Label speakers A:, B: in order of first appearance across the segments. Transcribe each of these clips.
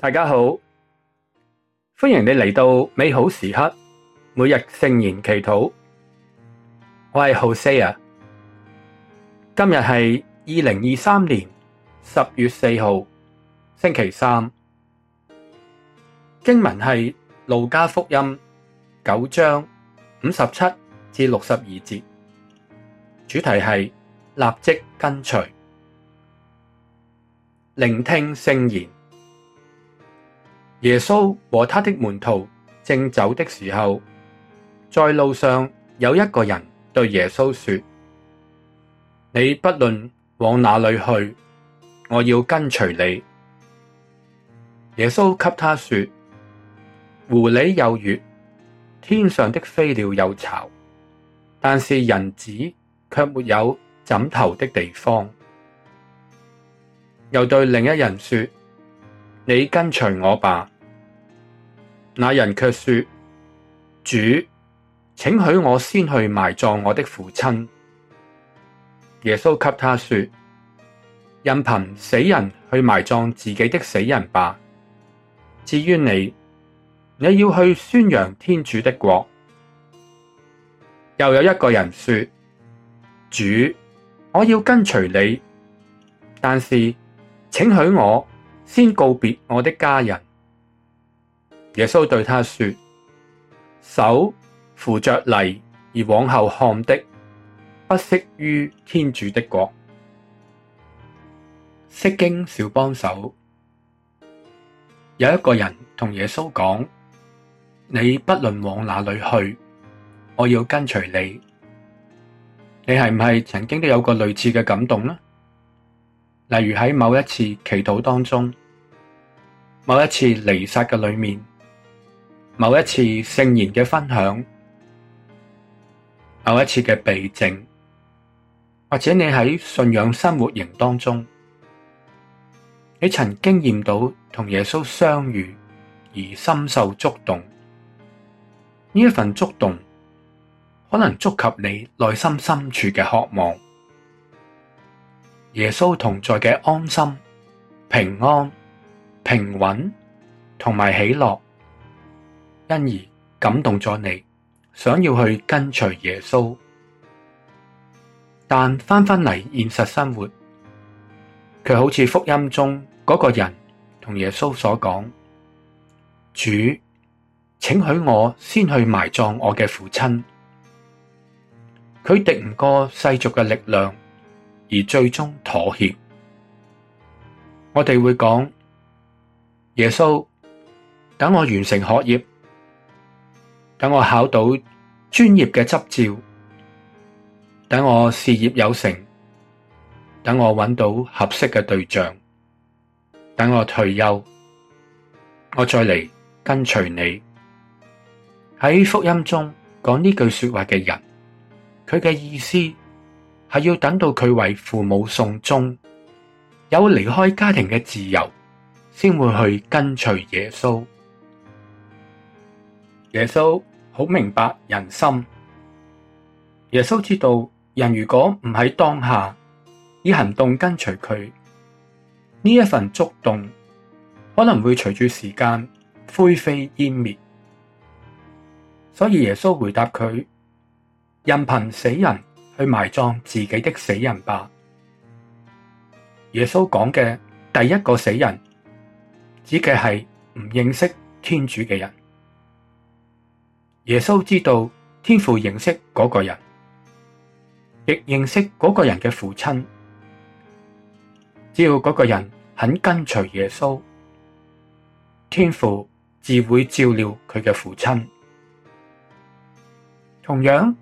A: 大家好，歡迎你嚟到美好時刻，每日聖言祈禱。我係浩西亞，今日係二零二三年十月四號，星期三。經文係路加福音九章五十七至六十二節，主題係立即跟隨，聆聽聖言。耶穌和他的門徒正走的時候，在路上有一個人對耶穌說：你不論往哪裏去，我要跟隨你。耶穌給他說：狐狸有穴，天上的飛鳥有巢，但是人子却沒有枕頭的地方。又對另一人說：你跟隨我吧。那人卻說：主，請許我先去埋葬我的父親。耶穌給他說：任憑死人去埋葬自己的死人吧。至於你，你要去宣揚天主的國。又有一個人說：主，我要跟隨你，但是請許我先告別我的家人。耶穌對他說：手扶着犁而往後看的，不適於天主的國。釋經小幫手。有一個人同耶穌講：你不論往哪裏去，我要跟隨你。你係唔係曾經都有過類似嘅感動呢？例如喺某一次祈禱當中，某一次彌撒嘅裏面。某一次聖言嘅分享，某一次嘅避靜，或者你喺信仰生活營當中，你曾經驗到同耶穌相遇而深受觸動。呢一份觸動，可能觸及你內心深處嘅渴望，耶穌同在嘅安心、平安、平穩，同埋喜樂。因而感動咗你，想要去跟隨耶穌，但翻返嚟，現實生活，佢好似福音中嗰個人同耶穌所講：主，請許我先去埋葬我嘅父親。佢敵唔過世俗嘅力量，而最終妥協。我哋會講，耶穌，等我完成學業。等我考到專業嘅執照，等我事業有成，等我揾到合適嘅對象，等我退休，我再嚟跟隨你。喺福音中講呢句說話嘅人，佢嘅意思係要等到佢為父母送終，有離開家庭嘅自由，先會去跟隨耶穌。耶穌好明白人心。耶穌知道人如果唔喺當下以行動跟隨佢，呢一份觸動可能會隨住時間灰飛煙滅。所以耶穌回答佢：任憑死人去埋葬自己的死人吧。耶穌講嘅第一個死人，指嘅係唔認識天主嘅人。耶穌知道天父認識嗰個人，亦認識嗰個人嘅父親。只要嗰個人肯跟隨耶穌，天父自會照料佢嘅父親。同樣，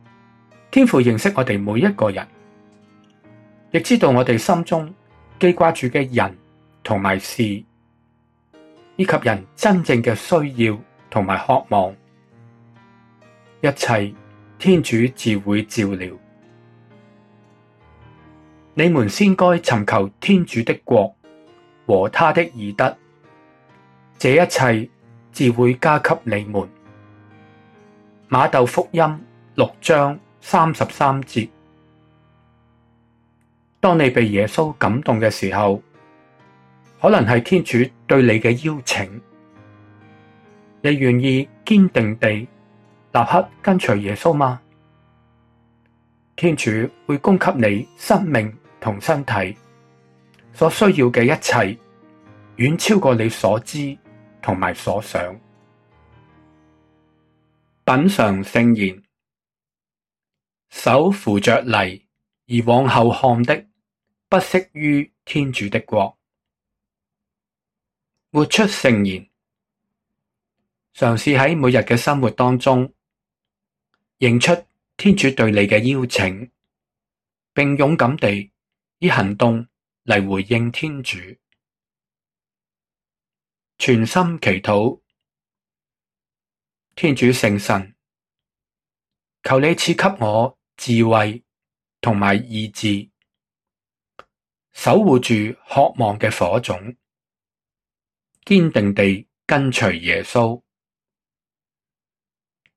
A: 天父認識我哋每一個人，亦知道我哋心中記掛住嘅人同埋事，以及人真正嘅需要同埋渴望。一切天主自會照料。你們先該尋求天主的國和他的義德，這一切自會加給你們。馬竇福音六章三十三節。當你被耶穌感動嘅時候，可能係天主對你嘅邀請，你願意堅定地立刻跟隨耶穌嗎？天主會供給你生命同身體所需要嘅一切，遠超過你所知同埋所想。品嘗聖言，手扶着犁而往後看的，不適於天主的國。活出聖言，嘗試喺每日嘅生活當中。認出天主對你嘅邀請，並勇敢地以行動嚟回應天主。全心祈禱，天主聖神，求你賜給我智慧同埋意志，守護住渴望嘅火種，堅定地跟隨耶穌。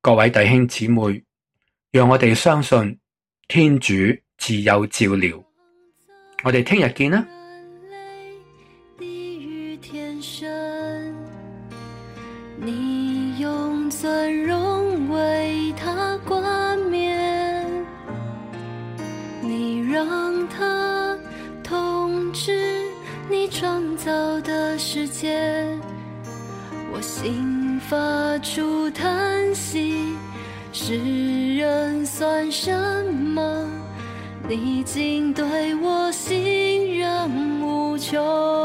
A: 各位弟兄姊妹。讓我哋相信天主自有照料，我哋聽日見
B: 啦。你用尊榮為他冠冕，你讓他統治你創造的世界。我心發出嘆息世人算什麼？你竟對我信任無窮。